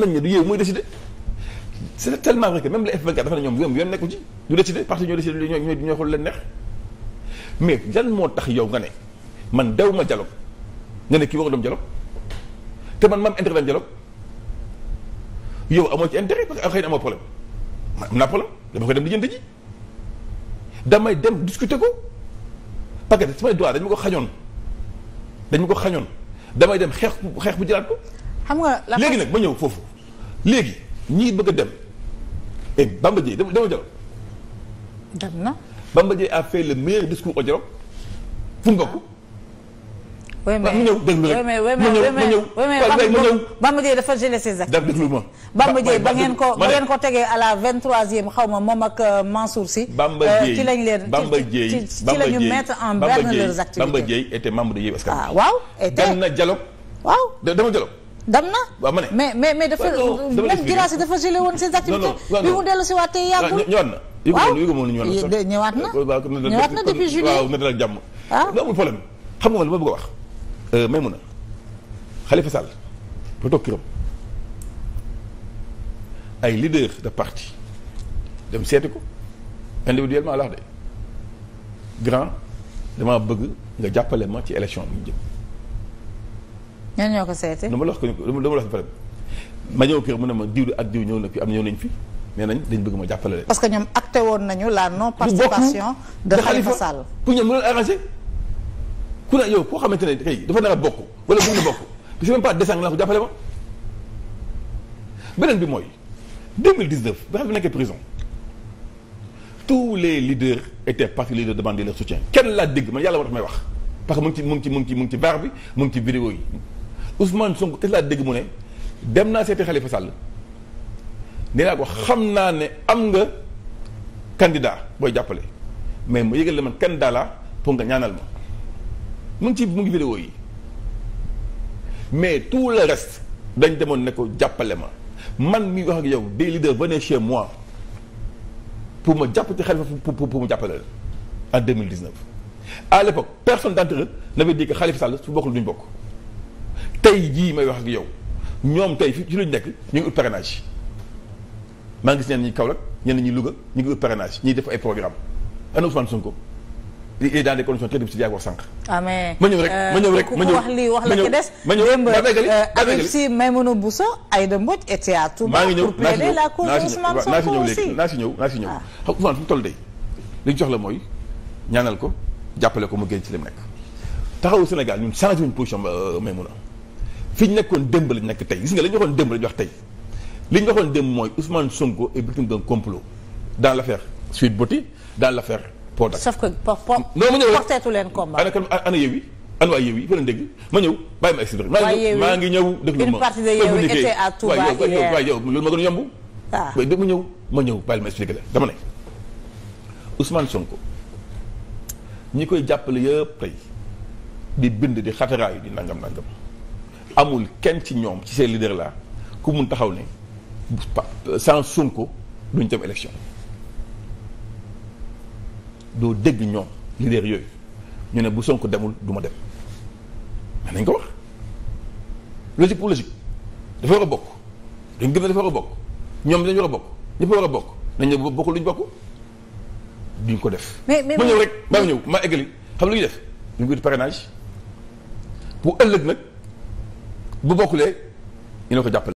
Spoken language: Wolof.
nañ ne du yéen mooy décider c'est tellement vrai que même F24 ñoom ñoom yoon nekku ci du décider parti ñoo décider ñoo ñoo mais lan moo tax yow nga ne man dew ma dialogue nga ne kii warul dem dialogue te man ma am intérêt dem dialogue ci intérêt parce que xëy na amoo problème ma am naa problème dama koy damay dem discuter ko parce su may droit dañ ma ko xañoon dañ ma ko xañoon damay dem xeex xeex bu jëlaat ko. xam nga léegi nag ma ñëw foofu. léegi ñii bëgg a dem et eh, Bamba Dièye dama dama dem na Bamba Dièye a fait le meilleur mu bokk. oui mais mu ñëw déglu rek ma ma ñëw ma ñëw. Bamba Dièye dafa gelé ses actes. daf Bamba Dièye ba ngeen ko ba ngeen ko tegee à la vingt troisième xaw ma moom ak euh, Mansour Sy. Bamba euh, Dièye ci lañ leen ci ci la ñu mettre en berne leurs activités. Bamba Dièye était membre de Yewwi Askan Wi. Ah, waaw était dem na dialogue. waaw dama dialogue. dem na. waaw ma ne mais mais mais dafa même Guirassy dafa gelé woon activités. bi mu dellu si waat tey yàggul. ñëwaat na ñëwaat na ñëwaat na depuis juillet waaw na dal jàmm. ah amul problème xam nga man li ma bëgg a wax. Euh, Maimouna Khalifa Sall ba toog këram ay leader de parti dem seeti ko individuellement laax de grand damaa bëgg nga jàppale ma ci élection bi ñu jëm. ñan ñoo ko seeti. dama la wax ko dama la wax ko ma ñëw kër mu ne ma diw ak diw ñëw na fi am ñëw nañ fi nee nañ dañ bëgg ma jàppale leen. parce que ñoom acté woon nañu la non participation. de Khalifa Sall pour ñoom mu doon arrangé. ku ne yow koo xamante ne kay dafa nar bokk wala bëgg na bokk parce que même pas décembre la ko jàppale ma. beneen bi mooy 2019 ba xam ne nekkee prison tous les leaders étaient partis leaders demander leur soutien kenn laa dégg man yàlla moo tax may wax parce que mu ngi ci mu ngi ci mu ngi ci mu ngi mu ngi ci vidéo yi. Ousmane sonk te laa dégg mu ne dem naa seeti Khalifa Sall nee naa ko xam naa ne am nga candidat booy jàppale mais mu yëgal la man candidat la pour nga ñaanal ma mu ci mu ngi vidéo yi mais tout le reste dañ demoon ne ko jàppale ma man mi wax ak yow des leaders venaient chez moi pour ma jàpp ci Khalifa pour pour mu jàppale la en 2019 à l'époque personne d'entre eux n'avait dit que Khalifa Sall su bokkul duñ bokk tey jii may wax ak yow ñoom tey fi ci luñ nekk ñu ngi ut parrainage maa ngi gis ñenn ñi Kaolack ñenn ñi Louga ñu ngi ut parrainage ñuy def ay programme ana Ousmane Sonko il est dans des conditions très difficiles yaa wax sànq. ah mais ma ñëw rek ma ñëw rek euh, ma ñëw wax lii wax la ci ma ñëw ma ñëw Habib Sy Maïmouna Bousso Aïda Mbodj et à Touba pour plaider la cause de Ousmane Sonko aussi naa si ñëw naa si ñëw ah. xam Ousmane fu mu toll day li ñu jox la mooy ñaanal ko jàppale ko mu génn ci li mu nekk taxawu Sénégal ñun changé wuñ position euh, Maïmouna fi ñu nekkoon démb lañ nekk tey gis nga li ñu waxoon démb lañ wax tey li ñu waxoon démb mooy Ousmane Sonko est victime d'un complot dans l' affaire Sweet Beauté dans l' affaire Prodac. sauf que non ma ñëw porteetu leen combat. ana kan ana Yewwi ana waa Yewwi fa ma maa ngi ñëw déglu ma communiqué une était à Touba hier waaw yow loolu a yomb. Ah. ma ñëw ma ma expliqué dama ne Ousmane Sonko ñi koy jàppale yëpp tey di bind di xataraayu di nangam nangam amul kenn ci ñoom ci ces leaders là ku mun taxaw ni ne sans Sonko duñ dem élection doo dégg ñoom leaders yooyu ñu ne bu son ko demul du ma dem mais nañ ko wax logique pour logique dafa war a bokk dañ gëm a dafa war a bokk ñoom dañ war a bokk ñëpp war a bokk nañ ne bokk luñ bokk duñ ko def. mais mais ma ñëw rek maa ñëw maa eggali xam lu ñuy def ñu ngi wut parrainage pour ëllëg nag. bu bokkulee ñu ne ko jàppale.